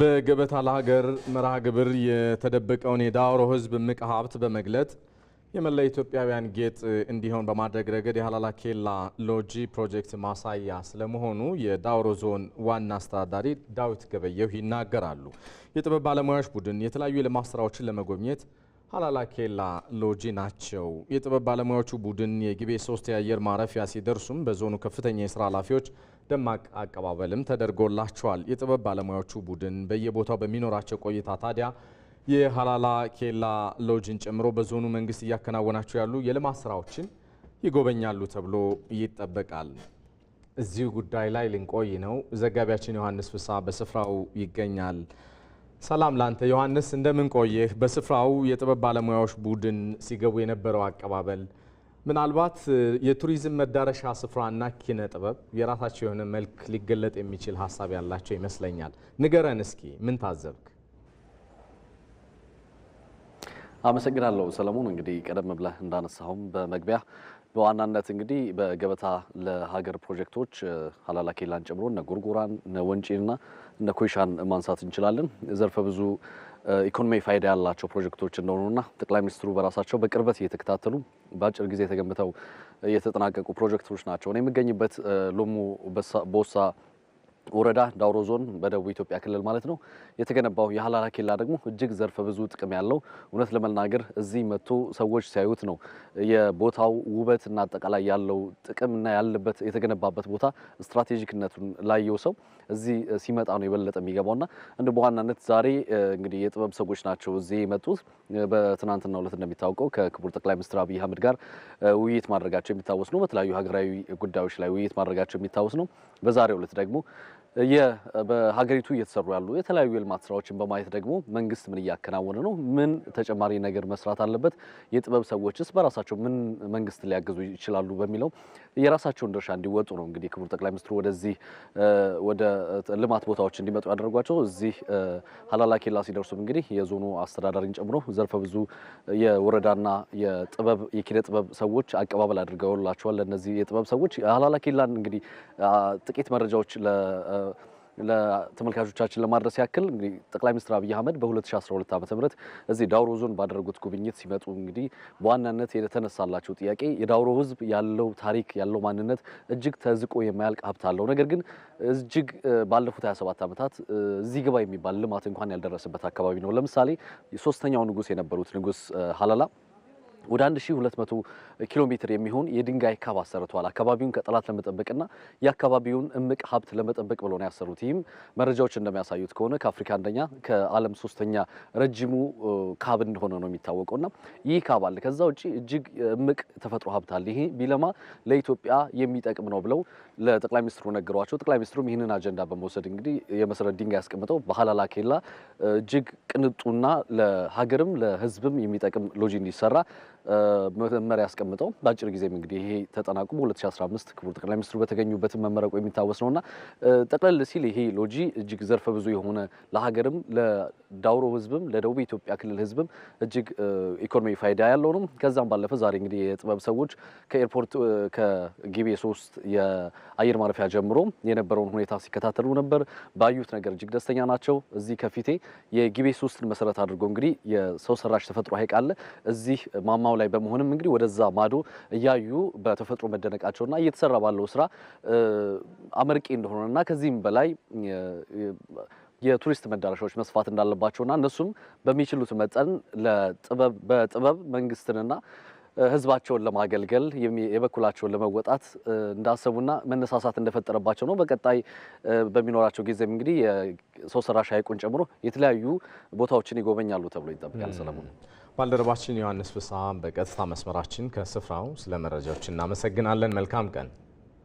በገበታ ለሀገር መርሃ ግብር የተደበቀውን የዳውሮ ሕዝብ እምቅ ሀብት በመግለጥ የመላ ኢትዮጵያውያን ጌጥ እንዲሆን በማድረግ ረገድ የሀላላ ኬላ ሎጂ ፕሮጀክት ማሳያ ስለመሆኑ የዳውሮ ዞን ዋና አስተዳዳሪ ዳዊት ገበየሁ ይናገራሉ። የጥበብ ባለሙያዎች ቡድን የተለያዩ የልማት ስራዎችን ለመጎብኘት ኬላ ሎጂ ናቸው። የጥበብ ባለሙያዎቹ ቡድን የጊቤ ሶስት የአየር ማረፊያ ሲደርሱም በዞኑ ከፍተኛ የስራ ኃላፊዎች ደማቅ አቀባበልም ተደርጎላቸዋል። የጥበብ ባለሙያዎቹ ቡድን በየቦታው በሚኖራቸው ቆይታ ታዲያ የሀላላ ኬላ ሎጅን ጨምሮ በዞኑ መንግስት እያከናወናቸው ያሉ የልማት ስራዎችን ይጎበኛሉ ተብሎ ይጠበቃል። እዚሁ ጉዳይ ላይ ልንቆይ ነው። ዘጋቢያችን ዮሐንስ ፍስሐ በስፍራው ይገኛል። ሰላም ላንተ ዮሐንስ፣ እንደምን ቆየህ? በስፍራው የጥበብ ባለሙያዎች ቡድን ሲገቡ የነበረው አቀባበል ምናልባት የቱሪዝም መዳረሻ ስፍራና ኪነ ጥበብ የራሳቸው የሆነ መልክ ሊገለጥ የሚችል ሀሳብ ያላቸው ይመስለኛል። ንገረን እስኪ ምን ታዘብክ? አመሰግናለሁ ሰለሞን። እንግዲህ ቀደም ብለህ እንዳነሳሁም በመግቢያ በዋናነት እንግዲህ በገበታ ለሀገር ፕሮጀክቶች ሀላላ ኬላን ጨምሮ እነ ጎርጎራን እነ ወንጪንና እነ ኮይሻን ማንሳት እንችላለን። ዘርፈ ብዙ ኢኮኖሚ ፋይዳ ያላቸው ፕሮጀክቶች እንደሆኑና ጠቅላይ ሚኒስትሩ በራሳቸው በቅርበት እየተከታተሉ በአጭር ጊዜ የተገንብተው የተጠናቀቁ ፕሮጀክቶች ናቸው። እኔ የምገኝበት ሎሞ ቦሳ ወረዳ ዳውሮ ዞን በደቡብ ኢትዮጵያ ክልል ማለት ነው የተገነባው የሀላላ ኬላ ደግሞ እጅግ ዘርፈ ብዙ ጥቅም ያለው እውነት ለመናገር እዚህ መጥቶ ሰዎች ሲያዩት ነው የቦታው ውበት እና አጠቃላይ ያለው ጥቅም እና ያለበት የተገነባበት ቦታ ስትራቴጂክነቱን ላየው ሰው እዚህ ሲመጣ ነው የበለጠ የሚገባውና እንደ በዋናነት ዛሬ እንግዲህ የጥበብ ሰዎች ናቸው እዚህ የመጡት። በትናንትና ዕለት እንደሚታወቀው ከክቡር ጠቅላይ ሚኒስትር አብይ አህመድ ጋር ውይይት ማድረጋቸው የሚታወስ ነው። በተለያዩ ሀገራዊ ጉዳዮች ላይ ውይይት ማድረጋቸው የሚታወስ ነው። በዛሬው ዕለት ደግሞ በሀገሪቱ እየተሰሩ ያሉ የተለያዩ የልማት ስራዎችን በማየት ደግሞ መንግስት ምን እያከናወነ ነው፣ ምን ተጨማሪ ነገር መስራት አለበት፣ የጥበብ ሰዎችስ በራሳቸው ምን መንግስት ሊያግዙ ይችላሉ በሚለው የራሳቸውን ድርሻ እንዲወጡ ነው እንግዲህ ክቡር ጠቅላይ ሚኒስትሩ ወደዚህ ወደ ልማት ቦታዎች እንዲመጡ ያደረጓቸው። እዚህ ሀላላ ኬላ ሲደርሱም እንግዲህ የዞኑ አስተዳዳሪን ጨምሮ ዘርፈ ብዙ የወረዳና የጥበብ የኪነ ጥበብ ሰዎች አቀባበል አድርገውላቸዋል። ለእነዚህ የጥበብ ሰዎች ሀላላ ኬላን እንግዲህ ጥቂት መረጃዎች ለተመልካቾቻችን ለማድረስ ያክል እንግዲህ ጠቅላይ ሚኒስትር አብይ አህመድ በ2012 ዓ ም እዚህ ዳውሮ ዞን ባደረጉት ጉብኝት ሲመጡ እንግዲህ በዋናነት የተነሳላቸው ጥያቄ የዳውሮ ሕዝብ ያለው ታሪክ ያለው ማንነት እጅግ ተዝቆ የማያልቅ ሀብት አለው። ነገር ግን እጅግ ባለፉት 27 ዓመታት እዚህ ግባ የሚባል ልማት እንኳን ያልደረሰበት አካባቢ ነው። ለምሳሌ የሶስተኛው ንጉስ የነበሩት ንጉስ ሀለላ ወደ 1200 ኪሎ ሜትር የሚሆን የድንጋይ ካብ አሰርተዋል። አካባቢውን ከጠላት ለመጠበቅና የአካባቢውን እምቅ ሀብት ለመጠበቅ ብሎ ነው ያሰሩት። ይህም መረጃዎች እንደሚያሳዩት ከሆነ ከአፍሪካ አንደኛ ከዓለም ሶስተኛ ረጅሙ ካብ እንደሆነ ነው የሚታወቀው ና ይህ ካብ አለ። ከዛ ውጭ እጅግ እምቅ ተፈጥሮ ሀብት አለ። ይሄ ቢለማ ለኢትዮጵያ የሚጠቅም ነው ብለው ለጠቅላይ ሚኒስትሩ ነገሯቸው። ጠቅላይ ሚኒስትሩም ይህንን አጀንዳ በመውሰድ እንግዲህ የመሰረት ድንጋይ ያስቀምጠው በሀላላ ኬላ እጅግ ቅንጡና ለሀገርም ለህዝብም የሚጠቅም ሎጂ እንዲሰራ መመሪያ ያስቀምጠው በአጭር ጊዜም እንግዲህ ይሄ ተጠናቅሞ 2015 ክቡር ጠቅላይ ሚኒስትሩ በተገኙበትን መመረቁ የሚታወስ ነውና ጠቅለል ሲል ይሄ ሎጂ እጅግ ዘርፈ ብዙ የሆነ ለሀገርም ለዳውሮ ህዝብም ለደቡብ ኢትዮጵያ ክልል ህዝብም እጅግ ኢኮኖሚ ፋይዳ ያለው ነው። ከዛም ባለፈ ዛሬ እንግዲህ የጥበብ ሰዎች ከኤርፖርት ከጊቤ ሶስት የአየር ማረፊያ ጀምሮ የነበረውን ሁኔታ ሲከታተሉ ነበር። ባዩት ነገር እጅግ ደስተኛ ናቸው። እዚህ ከፊቴ የጊቤ ሶስትን መሰረት አድርጎ እንግዲህ የሰው ሰራሽ ተፈጥሮ ሀይቅ አለ እዚህ ማማ ከተማው ላይ በመሆንም እንግዲህ ወደዛ ማዶ እያዩ በተፈጥሮ መደነቃቸውና እየተሰራ ባለው ስራ አመርቂ እንደሆነና ከዚህም በላይ የቱሪስት መዳረሻዎች መስፋት እንዳለባቸውና እነሱም በሚችሉት መጠን በጥበብ መንግስትንና ህዝባቸውን ለማገልገል የበኩላቸውን ለመወጣት እንዳሰቡና መነሳሳት እንደፈጠረባቸው ነው። በቀጣይ በሚኖራቸው ጊዜም እንግዲህ የሰው ሰራሽ ሐይቁን ጨምሮ የተለያዩ ቦታዎችን ይጎበኛሉ ተብሎ ይጠበቃል። ሰለሞን ባልደረባችን ዮሐንስ ፍስሐ በቀጥታ መስመራችን ከስፍራው ስለ መረጃዎች እናመሰግናለን። መልካም ቀን